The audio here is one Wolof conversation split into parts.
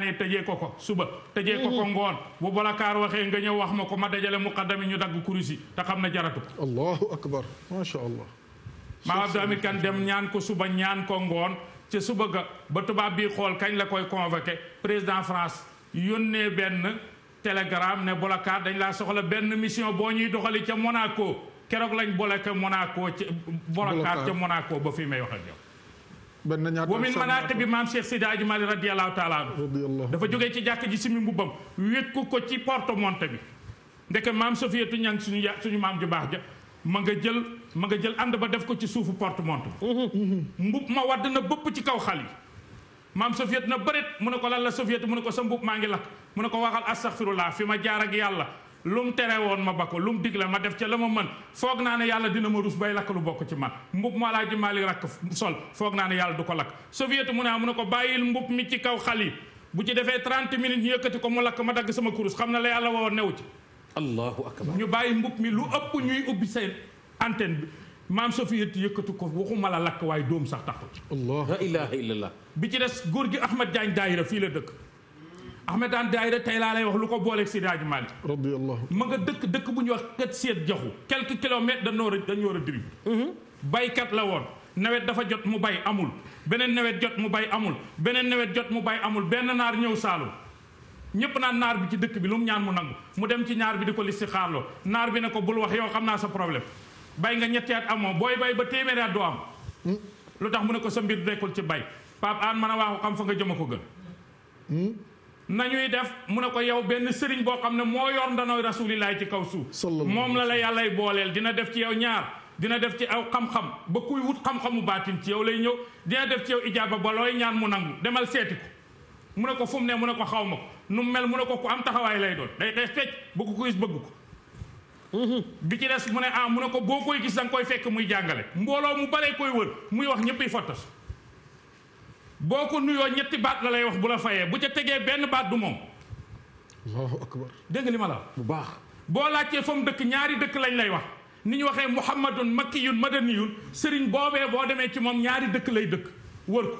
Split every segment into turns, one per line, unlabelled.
ne tëjee ko ko suba tëje ko ko mm-hmm. ngoon bu balakaar waxee nga ñëw wax ma ko ma dajale muqaddami ñu dagg kurusi te xam na jaratu
allahu akbar macha allah
maam Abdou Hamid Kane dem ñaan ko suba ñaan ko ngoon ca suba ga ba tubaab bi xool kañ la koy convoqué président France yónnee benn télégramme ne Boubacar dañ laa soxla benn mission boo ñuy doxali ca Monaco keroog lañ bloqué Monaco ca Boubacar ca Monaco ba fi may wax ak yow benn ñaata wa min manaaqibi maam Cheikh Sidi Hadji Malick radiyallahu taala anhu dafa jógee ci jàkk ji simi mbubbam wéet ko ko ci porte monte bi ndeke maam Sofiyatu ñang suñu ya suñu maam ju baax ja ma nga jël ma nga jël ànd ba def ko ci suufu porte monte mbub ma wadd na bëpp ci kaw xal yi maam soviet na bëret mu ne ko lan la mu ne ko sa mbub maa ngi lakk mu ne ko waxal astaghfirullah fi ma jaar ak yàlla lu mu tere woon ma ba ko lu mu digle ma def ca la ma man foog naa ne yàlla dina ma rus bay lakk lu bokk ci man mbub mu alaaji maali rakk sol foog naa ne yàlla du ko lakk soviet mu ne ah mu ne ko bàyyil mbub mi ci kaw xal yi bu ci defee 30 minutes ñu yëkkati ko mu lakk ma dagg sama kurus xam na la yàlla woo newu ci allahu akbar ñu bàyyi mbub mi lu ëpp ñuy ubbi seen antenne bi maam soviet yëkkati ko waxuma la lakk waaye dóom sax taxu ci allah la ilaha bi ci des góor gi ahmad diagne daayira fii la dëkk Ahmed Daan Daayira tey laa lay wax lu ko booleeg Seydi Hadji Malick radiyallahu ma nga dëkk dëkk bu ñu wax kët seet jaxu quelques kilomètres da noor da ñoor a diri mhm. baykat la woon nawet dafa jot mu bay amul beneen nawet jot mu bay amul beneen nawet jot mu bay amul benn naar ñëw saalum ñëpp naan naar bi ci dëkk bi lu mu ñaan mu nangu mu dem ci ñaar bi di ko listixaarloo naar bi ne ko bul wax yow xam naa sa problème bay nga ñetti at amoo booy bay ba téeméeri at doo am hmm? lu tax mu ne ko sa mbir dekkul ci bay Pape An mën a waaxu xam nga jëm ko gën hmm? nañuy def mu ne ko yow benn sëriñ boo xam ne moo yor ndanooy rasulillahi ci kaw suuf moom la la yàllay booleel dina def ci yow ñaar dina def ci aw xam-xam ba kuy wut xam-xamu baatin ci yow lay ñëw dina def ci yow ijaaba ba looy ñaan mu nangu demal seeti ko mu ne ko fu ne mu ne ko xaw ma ko nu mel mu ne ko ku am taxawaay lay doon day xeex fecc bu ko gis bëgg ko mm-hmm. bi ci des mu ne ah mu ne ko boo koy gis danga koy fekk muy jàngale mbooloo mu baree koy wër ñëpp ay boo ko nuyoo ñetti baat la lay wax bu la fayee bu ca tegee benn baat du moom. allahu akbar dégg li ma la bu baax boo laajtee fa mu dëkk ñaari dëkk lañ lay wax ni ñu waxee muhammadun makkiyun madaniyun sëriñ boobee boo demee ci moom ñaari dëkk lay dëkk wër ko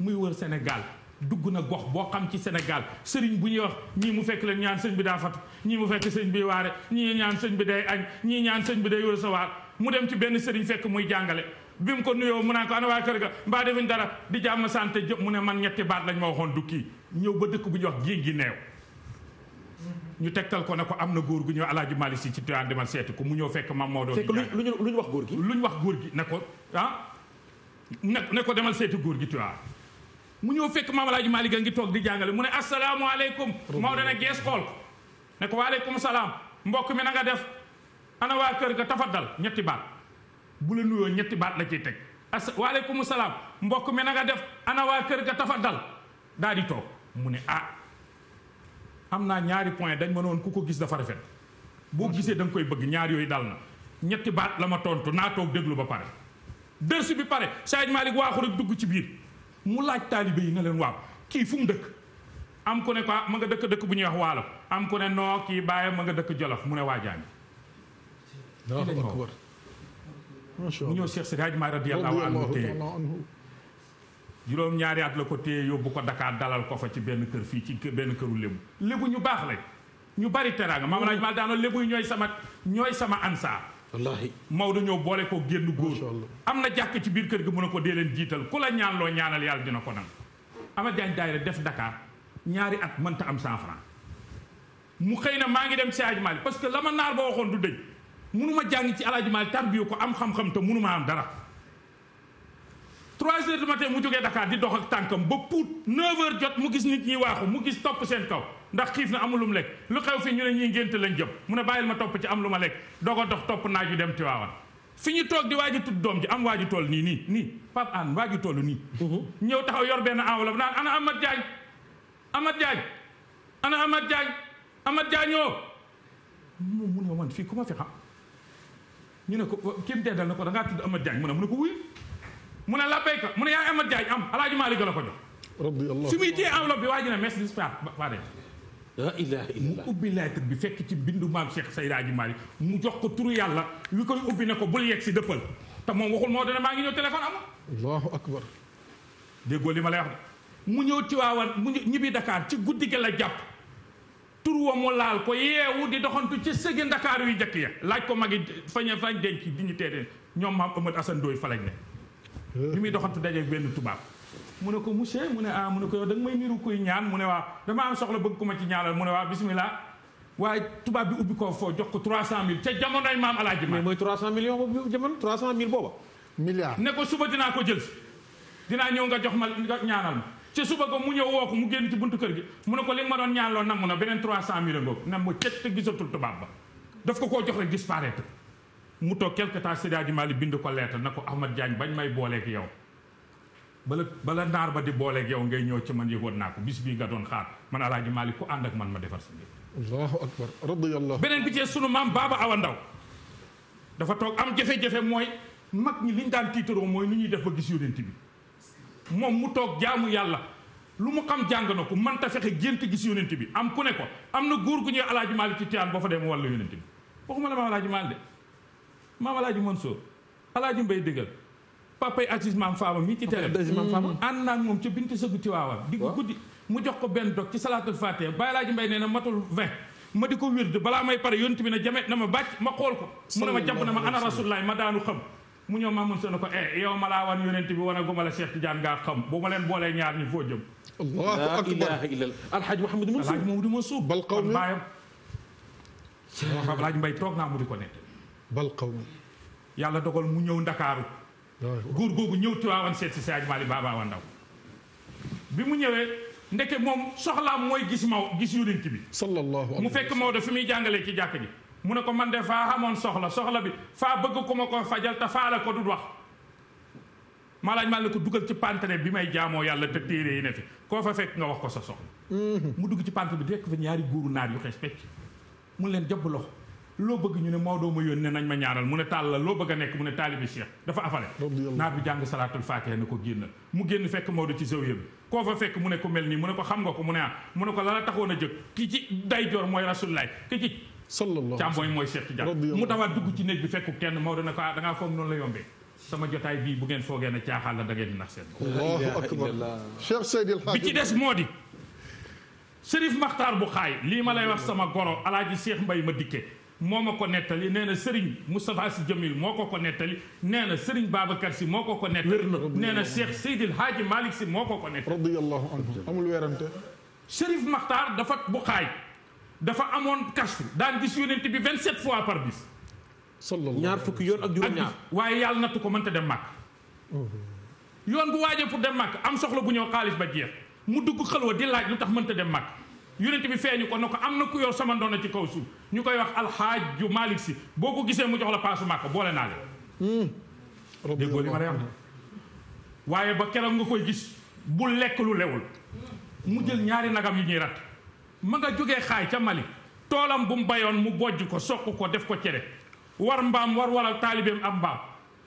muy wër Sénégal dugg na gox boo xam ci Sénégal sëriñ bu ñuy wax ñii mu fekk leen ñaan sëñ bi daa fatu ñii mu fekk sëñ bi waare ñii ñaan sëñ bi day añ ñii ñaan sëñ bi day waar mu dem ci benn sëriñ fekk muy jàngale bi mu ko nuyoo mu naan ko ana waa kër ga mbaa defuñ dara di jàmm santé jëpp mu ne man ñetti baat lañ ma waxoon du kii ñëw ba dëkk bu ñuy wax géej gi neew ñu tegtal ko ne ko am na góor gu ñëw alaaji Malick si ci Tiwaawan demal seeti ko mu ñëw fekk maam Maodo fekk lu wax góor gi lu ñu wax góor gi ne ko ah ne ko demal seeti góor gi mu ñëw fekk maam alaaji Malick a ngi toog di jàngale mu ne asalaamaaleykum Maodo ne gees xool ko ne ko waaleykum salaam mbokk mi na nga def ana waa kër ga tafaddal ñetti baat bu la nuyoo ñetti baat la ciy teg as waaleykum salaam mbokk mi na nga def ana waa kër ga tafa dal daal di toog mu ne ah am naa ñaari point dañ ma noon ku ko gis dafa rafet boo gisee da koy bëgg ñaar yooyu dal na ñetti baat la ma tontu naa toog déglu ba pare dërsu bi pare Saaj Malick waaxu rek dugg ci biir mu laaj taalibe yi na leen waaw kii fu mu dëkk am ku ne ko ah, ma nga dëkk dëkk bu ñuy wax waalo am ku ne noo kii bàyyi ma nga dëkk Jolof mu ne waajaangi mu ñëw Cheikh Sidi Hadj Mahi radiyallahu anhu téye juróom ñaari at la ko téye yóbbu ko Dakar dalal ko fa ci benn kër fii ci kër benn këru lébu lébu ñu baax lañ ñu bari teraanga ma laaj mal daano lébu ñooy sama ñooy sama ansaar wallaahi Maodo ñëw boole ko génn góor am na jàkk ci biir kër gi mu ne ko dee jiital ku la ñaan yàlla dina ko nangu ama jaañ daayira def Dakar ñaari at mënta am cent mu xëy na maa ngi dem si Hadj Malick parce que la ma naar ba waxoon du dëj munuma jàng ci alaaji Maalik tarbiyu ko am xam-xam te munuma am dara trois heures du matin mu jógee Dakar di dox ak tànkam ba puut neuf heures jot mu gis nit ñi waaxu mu gis topp seen kaw ndax xiif na amul lekk lu xew fii ñu ne ñuy ngénte lañ jëm mu ne bàyyil ma topp ci am lu ma lekk doo ko dox topp naaju dem Tiwaawan fi ñu toog di waaju tudd doom ji am waaju toll nii nii nii Pape Hann toll nii mhm. ñëw taxaw yor benn enveloppe naan ana Amath Diagne Amath Diagne ana Amath Diagne Amath Diagne ñoo ñu ne ko kim dee dal na ko da tudd Amath Diagne mu ne mu ne ko wuy mu ne la béykat mu ne yaa Amath Diagne am alaaji Malick la ko jox. rabbi su muy téye enveloppe bi waa ji ne merci beaucoup. la ilaha illallah mu ubbi lettre bi fekk ci bindu maam Cheikh Seydi Hadji Malick mu jox ko turu yàlla wi koy ubbi ne ko bul yegg si dëppal te moom waxul moo dana maa ngi ñëw téléphone amul. allahu akbar. déggoo li ma lay wax mu ñëw Tiwaawan mu ñibbi Dakar ci guddi gi la jàpp. tur wa mu laal ko yeewu di doxantu ci sëgi ndakaar yu njëkk ya laaj ko mag magi fañ fañ denc di ñu teedeen ñoom maam Amadou Assane Ndoye fa ne bi muy doxantu dajeeg benn tubaab mu ne ko monsieur mu ne ah mu ne ko yow da may niru kuy ñaan mu ne waa dama am soxla bëgg ku ma ci ñaanal mu ne waa bismillah waaye tubaab bi ubbi ko foo jox ko 300000 ca jamonoy maam alaaji ma mooy 300 millions boobu jamono 300000 booba milliard ne ko suba dinaa ko jël dinaa ñëw nga jox ma nga ñaanal ci suba ko mu ñëw woo ko mu génn ci buntu kër gi mu ne ko li nga ma doon ñaanloo nangu na beneen trois cent mille ngóob na ma cet te gisatul tubaab ba daf ko koo jox rek disparaître mu toog quelque temps Seydi Hadji Malick bind ko lettre na ko Ahmad Diagne bañ may booleeg yow bala bala naar ba di booleeg yow ngay ñëw ci man yëgoon naa ko bis bii nga doon xaar man Alaaji Malick ku ànd ak man ma defar si allahu akbar radiyallahu beneen bi ci sunu maam Baaba Awa Ndaw dafa toog am jafe-jafe mooy mag ñi liñ daan tiitaroo mooy nu ñuy def ba gis yonent bi moom mu toog jaamu yàlla lu mu xam jàng na ko mënta fexe gént gis yonent bi am ku ne ko am na góor gu ñuy alaaji Maalik ci tiyaan boo fa dem wàllu yonent bi waxuma la maam alaaji Maalik de maam alaaji Mansour alaaji Mbay dëggal papay Aziz maam Faama ci télé ànd naa moom ca binti sëgu Tiwaawan di ko guddi mu jox ko benn dog ci salaatul fatiha Baye Alaaji Mbay nee na matul vingt ma di ko wird balaa may pare yonent bi ne jamet na ma bàcc ma xool ko mu ne ma jàpp na ma ana rasulullaah ma daanu xam mu ñëw ma Sow ne ko eh yow ma laa wan yonent bi wan a guma la Cheikh Tidiane ngaa xam bu ma leen boolee ñaar ñi foo jëm. allahu akbar alhaaj Mouhamadou Mansour alhaaj Mouhamadou bal xaw ma baayam. Mbay toog naa mu di ko nett. bal xaw ma. yàlla dogal mu ñëw Ndakaaru. góor googu ñëw Tiwaawan seet si Saaj Maali Baaba wa Ndaw bi mu ñëwee. ndeke moom soxlaam mooy gis maw gis yonent bi. sallallahu alayhi wa mu fekk Maodo fi muy jàngalee ci jàkk ji. mu ne ko man de faa xamoon soxla soxla bi faa bëgg ku ma ko fajal te faa la ko du wax malaaj maa la ko dugal ci pantere bi may jaamoo yàlla te téere yi ne fi koo fa fekk nga wax ko sa soxla mm-hmm. mu dugg ci pantre bi dekk fa ñaari góoru naar yu xees pecc mu leen jàpp loxo loo bëgg ñu ne Maodo ma yónnee nañ ma ñaaral mu ne tàll la loo bëgg a nekk mu ne taalibi Cheikh dafa afale naar bi jàng salaatul faatiha ne ko génn mu génn fekk Maodo ci zawiya fekk mu ne ko mel mu ne ko xam nga ko mu ne ah, mu ne ko la la a jëg ki ci day joor mooy rasulullaay sallallahu càmbooy mooy Cheikh Tidiane mu dawaat dugg ci néeg bi fekk kenn Maodo ne ko ah da ngaa foog noonu la yombee sama jotaay bii bu ngeen foogee ne caaxaan la da ngeen di nax seen allahu akbar
Cheikh bi ci des
moo di Sërif Maxtaar bu xaay lii ma lay wax sama goro alaaji Cheikh Mbay ma dikke moo ma ko nettali nee na Serigne Moustapha Sy Jamil moo ko ko nettali nee na Serigne Babacar Sy moo ko ko nettali nee na Cheikh Seydil Hadji Malick moo ko ko nettali radiyallahu anhu amul werante Sërif dafa amoon kashfu daan gis yonent bi vingt 27 fois par bis. sallallahu ñaar fukki yoon ak juróom waaye yàlla nattu ko mënta dem mag yoon bu waajee pour dem màkk am soxla bu ñëw xaalis ba jeex mu dugg xalwa di laaj lu tax mënta dem màkk yonent bi feeñu ko ne ko am na ku yor sama ndono ci kaw suuf ñu koy wax alxaaju maalik si boo ko gisee mu jox la paasu màkk boole naa leen. Hmm. déggoo li ma lay wax waaye ba keroog nga koy gis bu lekk lu lewul mu jël ñaari nagam yu ñuy rat. ma nga jóge xaay ca Mali toolam bu mu bayoon mu bojj ko soq ko def ko cere war mbaam war walal taalibeem ab mbaam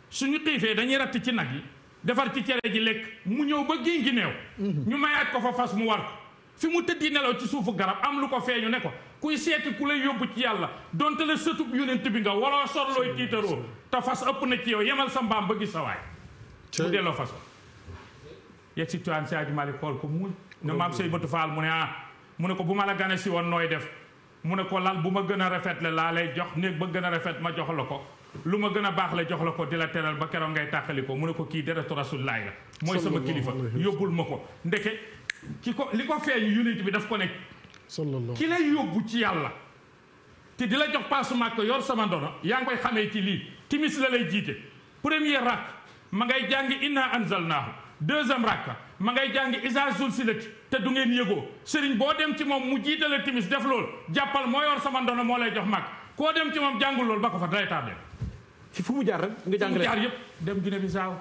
suñu xiifee dañuy ratt ci nag yi defar ci cere ji lekk mu ñëw ba génn gi neew mhm. ñu mayaat ko fa fas mu war ko fi mu tëddi nelaw ci suufu garab am lu ko feeñu ne ko kuy seeti ku lay yóbbu ci yàlla donte la sëtub yonent bi nga waroo sorlooy tiitaroo te fas ëpp na ci yow yemal sa mbaam ba gis sa waay mu delloo fas yegg si si Aji Malik xool ko muñ ne maam Sey Batu Faal mu ne ah mu ne ko bu ma la gane si woon nooy def mu ne ko lal bu ma gën a rafet la laa lay jox néeg ba gën a rafet ma jox la ko lu ma gën a baax la jox la ko di la teral ba keroog ngay tàqali ko mu ne ko kii deretu laay la mooy sama kilifa yóbbul ma ko ndeke ki ko li ko feeñ unité bi daf ko ne ki lay yóbbu ci yàlla te di la jox paasu màkk yor sama ndono yaa ngi koy xamee ci lii timis la lay jiite premier rakk ma ngay jàng inna anzalnaahu deuxième rakk ma ngay jàng isa zulsilati te du ngeen yëgoo sëriñ boo dem ci moom mu jiitale timis def lool jàppal mooy yor sama ndono moo lay jox mag koo dem ci moom jàngul lool ba ko fa day tardé. ci fu mu jaar rek nga jàngale jaar yëpp dem Guinée Bissau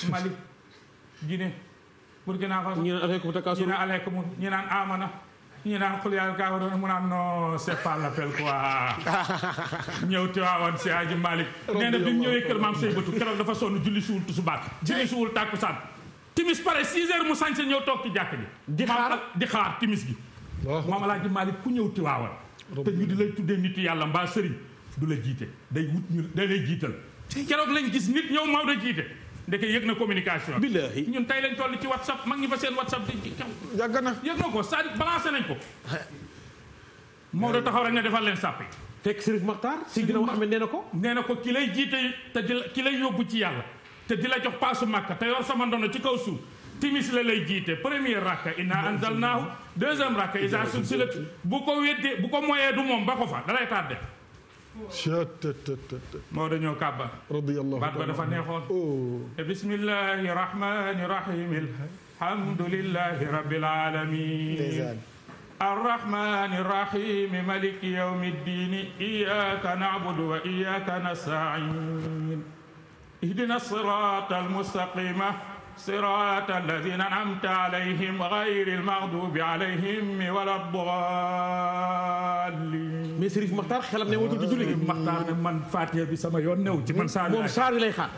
Mali Guinée Burkina Faso ñu naan aleykum takasur ñu naan aleykum ñu naan amana ñu naan xul yàlla kaawaroon mu naan non c'est pas l'appel quoi ñëw Tiwaawan si Aji Malik nee na bi mu ñëwee kër maam say bëtu keroog dafa sonn julli suwul tusubaat julli suwul tàkkusaan timis pare 6 heures mu sañse ñëw toog ci jàkk ji di xaar di xaar timis gi maam Maalik ku ñëw Tiwaawan te ñu di lay tuddee nitu yàlla mbaa sëriñ du la jiite day wut ñu day lay jiital keroog lañ gis nit ñëw da jiite ndeke yëg na communication billahi ñun tey lañ toll ci whatsapp mag ñi fa seen whatsapp di yàgg na yëg na ko c'est-à-dire nañ ko Maodo taxaw rek ne defal leen sàppe fekk Sëriñ Maxtaar si gën a wax nee na ko nee na ko ki lay jiite te ki lay yóbbu ci yàlla te di la jox paasu màkka te yor sama ndono ci kaw suuf timis la lay jiite premier rakka inna anzalnaahu deuxième rakka isa sulsilat bu ko weddee bu ko moyee du moom ba ko fa dalay tardé moo dañoo kàbba baat ba dafa neexoon oh. eh, bismillahi rahmani rahim alhamdulillahi rabbil alamin الرحمن الرحيم ملك يوم الدين إياك نعبد وإياك نستعين اهدنا الصراط المستقيم صراط الذين أنعمت عليهم غير المغضوب عليهم ولا الضالين mais Sëriñ Maxtaar xelam ne wutul ci julli gi Maxtaar ne man Faatiha bi sama yoon new ci man saar moom saar lay xaar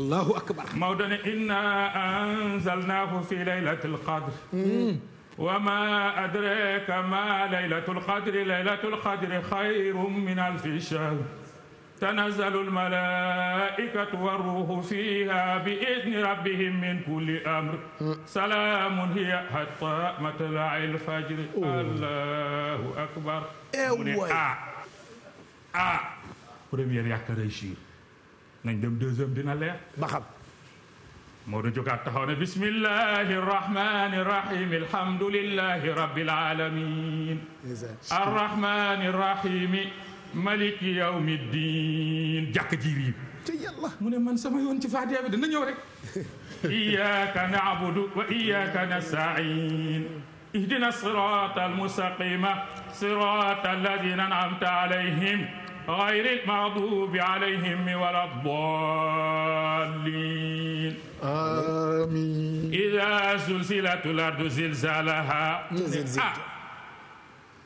Allahu akbar Maodo ne inna anzalnaahu fi laylatil qadr وما أدراك ما ليلة القدر ليلة القدر خير من ألف شهر تنزل الملائكة والروح فيها بإذن ربهم من كل أمر سلام هي حتى مطلع الفجر الله أكبر ah ah première yàkk réussir nañ dem deuxième dina leer ba xam moo du jógaat taxaw ne bismillahi arrahmani irrahim alhamdulillahi rabbil alamin arrahmani irrahimi malik yawmi diin jàkk ji riir te yàlla mu ne man sama yoon ci faatiha bi dina ñëw rek iyyaka na'budu wa iyyaka nasta'in ihdina sirata almustaqima sirata alladina an'amta alayhim ghayril maghdubi alayhim waladdallin amin idha zulzilatil ardu zilzalaha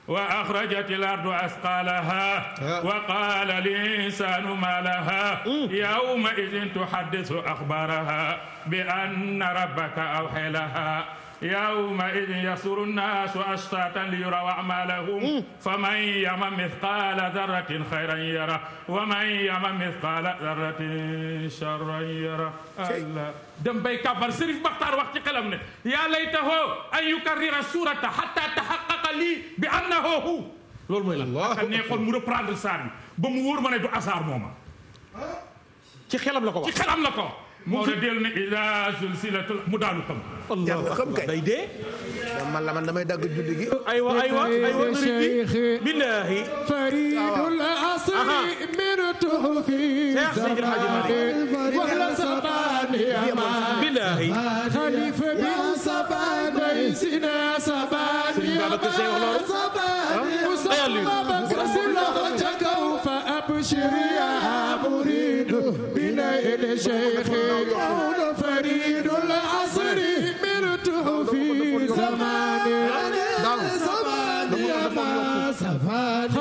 وأخرجت الأرض أثقالها وقال الإنسان ما لها يومئذ تحدث أخبارها بأن ربك أوحي لها يومئذ يصر الناس أشتاتا ليروا أعمالهم فمن يم مثقال ذرة خيرا يره ومن يم مثقال ذرة شرا يره الله دم بي كبر سيرف بختار وقت قلمنا يا ليته أن يكرر السورة حتى تحقق lii bi am na hoohu loolu mooy lan ak neexoon mu reprendre saar bi ba mu wóor ma ne du asaar mooma ci xelam la ko wax ci xelam la ko wax moo de dellu ne ila silsilatul mu daanu xam. yàlla xam kay day dee.
man la man damay dagg julli gi. aywa aywa aywa sëriñ bi billahi. faridul asri mintu fi zamani wala sabani ama billahi xalifa bi sabani sina sabani Serigne Babacar Sy wax loolu aywa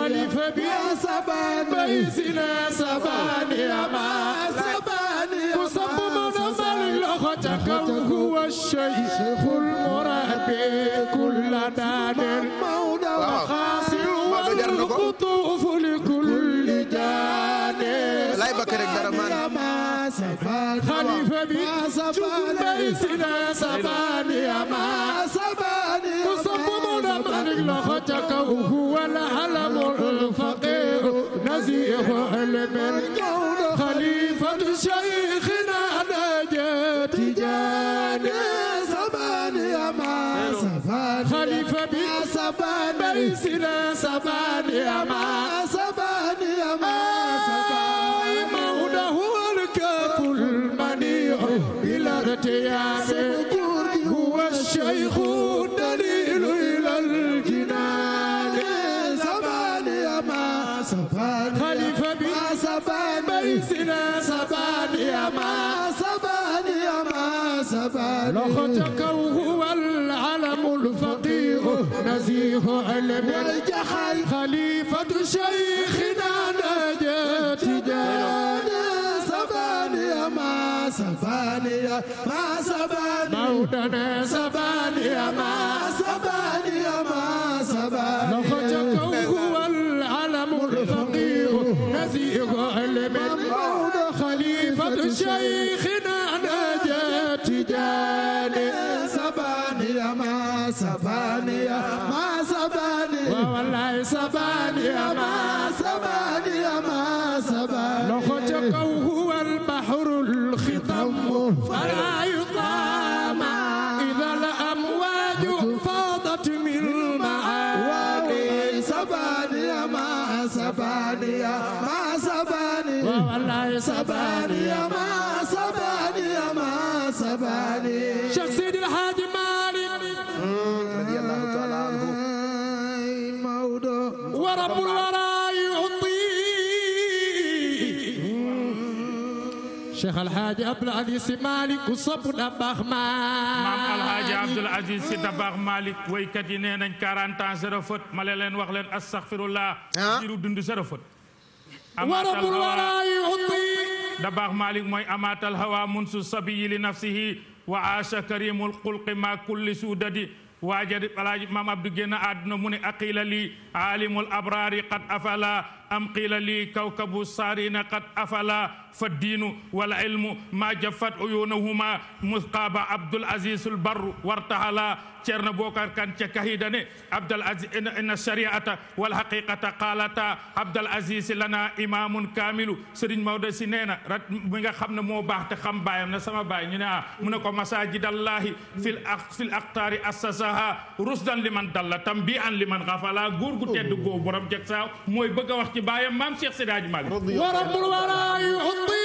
lii xalifa bi sabaan bay sina sabaan ya ma Sabani Amar فوق تكو هو العلم الفقيه نزيه علم الجحل خليفة شيخنا نجات جاد سبانيا ما سبانيا ما سبانيا موتنا سبانيا ما سبانيا ما سبانيا فوق تكو هو العلم الفقيه نزيه علم خليفة شيخ alxaaji Abdul Aziz Si Malick ku sopp da baax Malick maam alxaaji Abdul
Aziz Si da baax Malick waykat yi nee nañ 40 ans sa rafet ma leen wax leen astaxfirullah jiru ah. dund sa rafet warabul waraay da baax Malick mooy amaatal hawa munsu sabiyi li nafsihi wa asha karimul xulqi ma kulli suudadi waajadi alaaji maam Abdou génn àdduna mu ne aqila li aalimul abraari qad afala am qiila lii kawkabu saarina qad afala fa diinu wal ilmu maa jafat uyuunahuma musqaaba abdul aziz al barru wartahala ceerno bokar kan ca kahida ne abdul aziz inna shariata wal haqiqata qaalata abdul aziz lana imamun kaamilu sëriñ Maodo si nee na rat mi nga xam ne moo baax te xam baayam na sama baay ñu ne ah mu ne ko masajidallahi fil fil aqtaari assasaha rusdan liman dalla tambian liman xafala góor gu tedd góob borom jeg saaw mooy bëgg a wax ci baayam maam Cheikh Seydi Hadji Malick wa rabbul wara yuhdi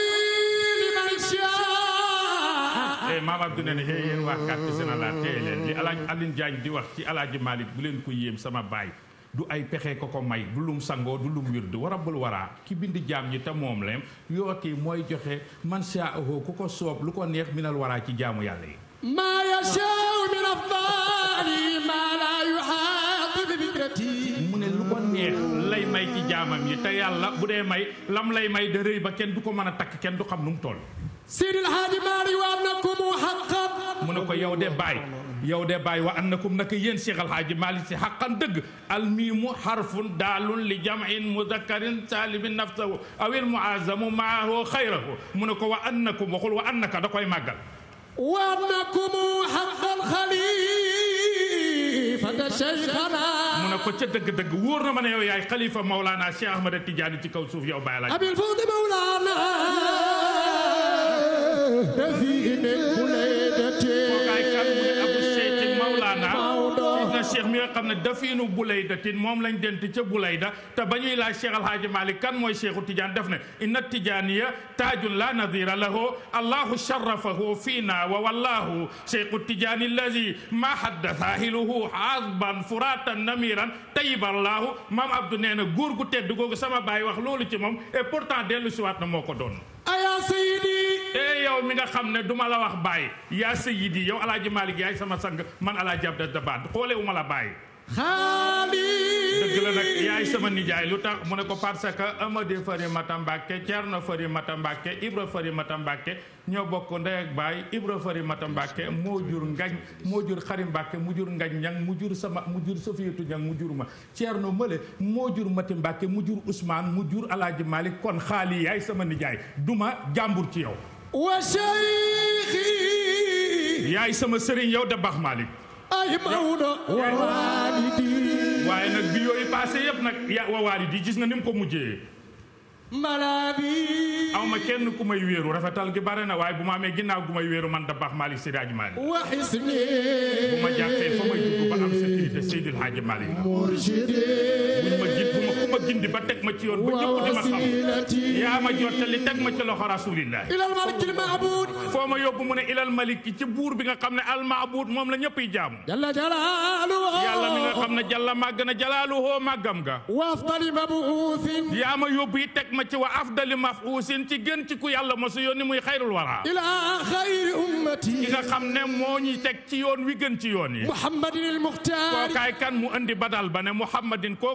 liman shaa
eh, maam Abdou ne ne eh yéen waa carte générale tey leen li alaaj Aline Diagne di wax ci alaaji Malick bu leen ko yéem sama baay du ay pexe ko ko may du lum sangoo du lum wird wa waraa ki bind jaam ñi te moom lem yooti mooy joxe man shaa ku ko soob lu ko neex minal waraa ci jaamu yàlla yi
maa yashaa min afdaali
jaamam yi te yàlla bu dee may lam lay may da rëy ba kenn du ko mën a takk kenn du xam nu mu toll
Seydil Haaji Maari wa annakum haqqan
mu ne ko yow de baay yow de baay wa annakum naka yéen Cheikh Al Haaji Maalik Si haqqan dëgg almiimu harfun daalun li jam'in mudakkarin saalimin nafsahu awil muazzamu maahu xayrahu mu ne ko wa annakum waxul wa annaka da koy màggal
wa annakum haqqal xaliil
mu ne ko ca dëgg-dëgg wóor na ma ne yow yaay xalifa Maulana Cheikh Ahmed Tidiane ci kaw suuf yow Baye Laaj. abil
fawdi Maulana.
cheikh mi nga xam ne dafiinu Bulayda tin moom lañ dent ca Bulayda te ba ñuy laaj cheikh alhaaji Malik kan mooy cheikhu Tidiane def ne inna tijaaniya taajun la nadira lahu allahu sharafahu fiina wa wallahu cheikhu Tidiane allazi ma hadda saahiluhu azban furatan namiran tayiballahu maam Abdou nee na góor gu tedd googu sama baay wax loolu ci moom et pourtant dellu siwaat na moo ko doon aya sayidi e yow mi nga xam ne duma la wax bàyyi yaa sayyidi yow alaaji Malick yaay sama sang man alaaji Abdou Dabakh xoolee wu ma la bàyyi
dëgg la yaay
sama nijaay lu tax mu ne ko parce que Amady Farimata Mbacke Thierno Farimata Mbacke Ibra Farimata Mbacke ñoo bokk ndey ak baay Ibra Farimata Mbacke moo jur ngañ moo jur xari Mbacke mu jur ngañ ñang mu jur sama mu jur sa Sofiyatu ñang mu jur ma Thierno Mële moo jur Mati Mbacke mu jur Ousmane mu jur Alaaji Malick kon xaali yaay sama nijaay duma jàmbur ci yow wa shaykhi yaay sama sëriñ yow da baax Malick ay Maodo wa waalidi waaye nag bi yooyu passé yëpp nag ya wa waalidi gis nga ni mu ko mujjee malaabi aw ma kenn ku may wéeru rafetal gi bare na waaye bu ma amee ginnaaw gu may wéeru man da baax Malick Seydi Hadji Malick wa bu ma jàppee fa may dugg ba am sécurité Seydil Hadji Malick ma gindi ba teg ma ci yoon ba ñëpp di ma xam yaa ma jottali teg ma ci loxo rasulillah ilal malik ma yóbbu mu ne ilal ci buur bi nga xam ne al maabud moom la ñëpp yi jaamu jalla jalaaluhu yàlla mi nga xam ne jalla na jalaaluhu màggam ga wa yaa ma yóbbu teg ma ci wa afdali mabuusin ci gën ci ku yàlla ma su yónni muy xayrul wara ila xayri ummati ki nga xam ne moo ñuy teg ci yoon wi gën ci yoon yi muhammadin al muxtaar mu andi badal ba ne muhammadin koo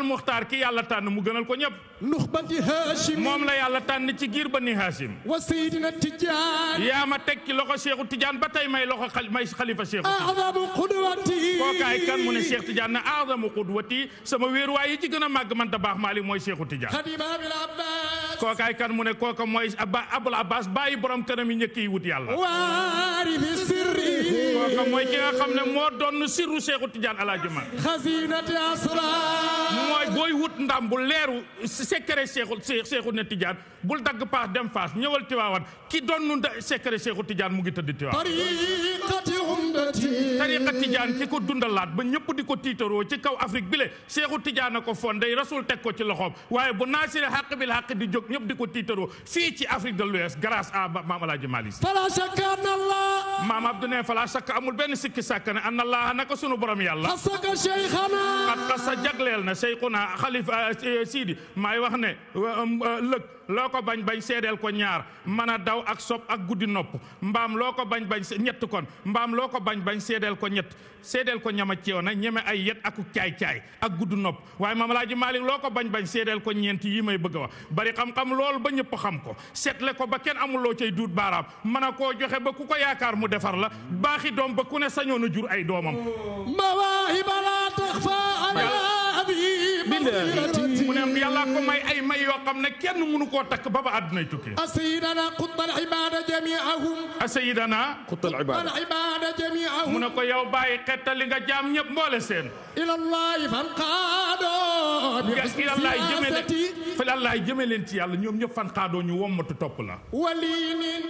almuxtaar ki yàlla tànn mu gënal ko ñëpp. nux ba di Hachim. moom la yàlla tànn ci giir ba ni Hachim. wa Seydina Tidiane. yaa ma teg ci loxo Cheikhu Tidiane ba tey may loxo xali may xalifa Cheikhu. aadamu qudwati. kookaay kan mu ne Cheikh Tidiane ne aadamu qudwati sama wéeruwaay yi ci gën a màgg man da baax Maalik mooy Cheikhu Tidiane.
xadimaamil Abbaas.
kookaay kan mu ne kooka mooy aba abul abbas bàyyi borom këram yi njëkk yi wut yàlla waari bi
sirri kooka mooy ki nga xam ne moo
doon sirru seexu tijaan alaajuma xasinati asrar mooy booy wut ndam bu leeru secret seexu seexu ne tijaan bul dagg paas dem faas ñëwal tiwaawan ki doon nu seexu tijaan mu ngi tëdd
tiwaawan tariqa tijaan ki
ko dundalaat ba ñëpp di ko tiitaroo ci bi le seexu tijaan a ko fonde rasul teg ko ci loxoom waaye bu naasiri xaq bil xaq di jóg ñëpp di ko tiitaroo fii ci Afrique de l'Ouest grâce à maam Alaaji Maalik maam Abdou ne fala sakk amul benn sikki sàkk ne anna allah naka sunu borom yàlla xasaka cheikhana xasa jagleel na cheikhuna xalif eh, siidi maay wax um, euh, loo ko bañ bañ seedeel ko ñaar mën a daw ak sob ak guddi nopp mbaam loo ko bañ bañ ñett kon mbaam loo ko bañ bañ seedeel ko ñett seedeel ko ñama ceew na ñeme ay yet aku caay-caay ak gudd nopp waaye maam Alaaji Maalik loo ko bañ bañ seedeel ko ñeent yi may bëgg a wax bari xam-xam lool ba ñëpp xam ko seetle ko ba kenn amul loo cay duut baaraam mën a koo joxe ba ku ko yaakaar mu defar la baaxi doom ba ku ne sañoon a jur ay doomam
billahi mu ne am yàlla ko may
ay may yoo xam ne kenn mënu koo takk ba ba àdduna tukki asayidana quttal ibada jamiahum asayidana quttal ibada jamiahum mu ne ko yow bàyyi xettali nga jaam ñëpp mboole seen ilallahi fan qaado bi ilallahi jëme leen ci yàlla ñoom ñëpp fan qaado ñu wommatu topp la
waliinin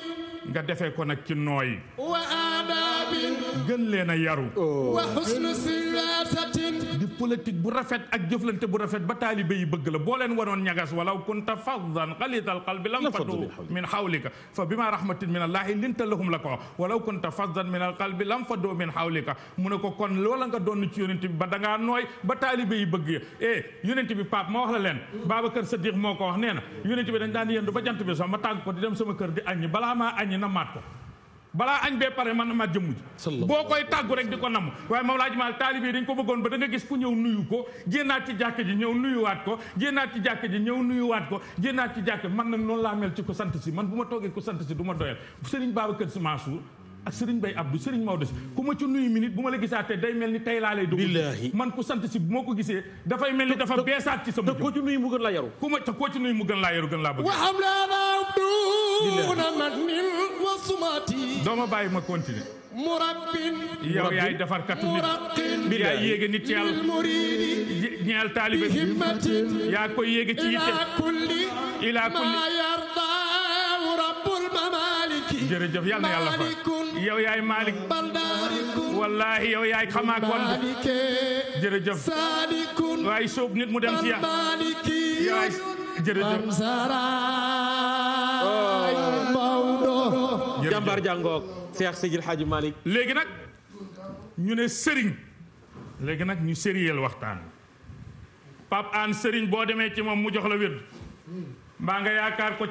nga defee ko nag ci nooy
wa aadaabin
gën leen a yaru wa husnu sir di bu rafet ak jëflante bu rafet ba taalibe yi bëgg la boo leen waroon ñagas walaw kunta faddan xalital qalbi lam faddu min xawlika fa bima rahmatin min allaahi linta lahum la ko walaw kunta faddan min al qalbi lam faddu min xawlika mu kon loola nga doon ci yonent bi ba dangaa nooy ba taalibe yi bëgg ya eh yonent bi ma wax la leen Babacar moo ko wax nee na yonent bi dañ daan yendu ba jant bi so ma tàgg ko di dem sama di aññi balaa maa aññi na maat ko balaa añ bee pare man na maa jëmm ji boo koy tàggu rek di ko namm waaye moom laa ji maal taalibe yi dañ ko bëggoon ba da gis ku ñëw nuyu ko génnaat ci jàkk ji ñëw nuyuwaat ko génnaat ci jàkk man nag noonu laa mel ci ko sant si man bu ma toogee ko sant si du ma doyal Serigne Babacar Sy Mansour ak Serigne Baye Abdou Serigne Maodo si ku ma ci nuyu minute bu ma la gisaatee day mel ni tey laa lay man ku sant si bu ma ko gisee dafay mel ni dafa beesaat ci sama ko ci nuyu mu gën laa yaru ku mu gën laa yaru gën laa
bëgg
doo ma bàyyi ma continuer
murabbin yow yaay
defar katu nit bi yaay yéege nit yàlla ñeel taalibe yaa koy yéege ci yitte ila kulli jërëjëf yal na yàlla fa yow yaay Malick wallaahi yow yaay xamaakoon jërëjëf waaye sóob nit mu dem jàmbaar jàngoog Cheikh Seydil Hadji Malick léegi nag ñu ne sëriñ léegi nag ñu sériyeel waxtaan Pape An sëriñ boo demee ci moom mu jox la wér mbaa nga yaakaar ko